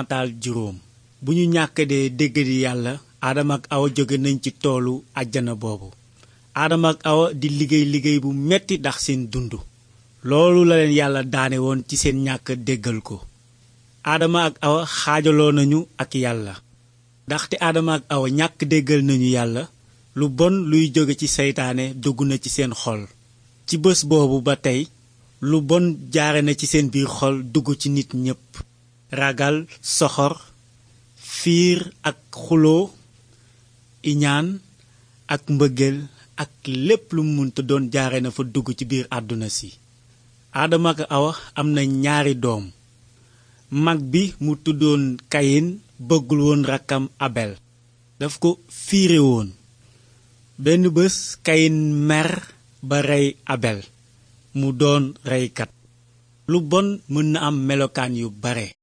nataal juróom bu ñu ñàkk dee dégg di yàlla aadama ak awa jóge nañ ci toolu àjjana boobu aadama ak awa di liggéey liggéey bu metti ndax seen dund loolu la leen yàlla daane woon ci seen ñàkk déggal ko aadama ak awa xaajaloo nañu ak yàlla ndaxte aadama ak awa ñàkk déggal nañu yàlla lu bon luy jóge ci seytaane dugg na ci seen xol ci bés boobu ba tey lu bon jaare na ci seen biir xol dugg ci nit ñépp ragal soxor fiir ak xuloo iñaan ak mbëggeel ak lépp lu munta doon jaare na fa dugg ci biir àdduna si aadama ak awa am na ñaari doom mag bi mu tuddoon kayin bëggul woon rakkam abel daf ko fiire woon benn bés kayin mer ba rey abel mu doon reykat lu bon mën na am melokaan yu bare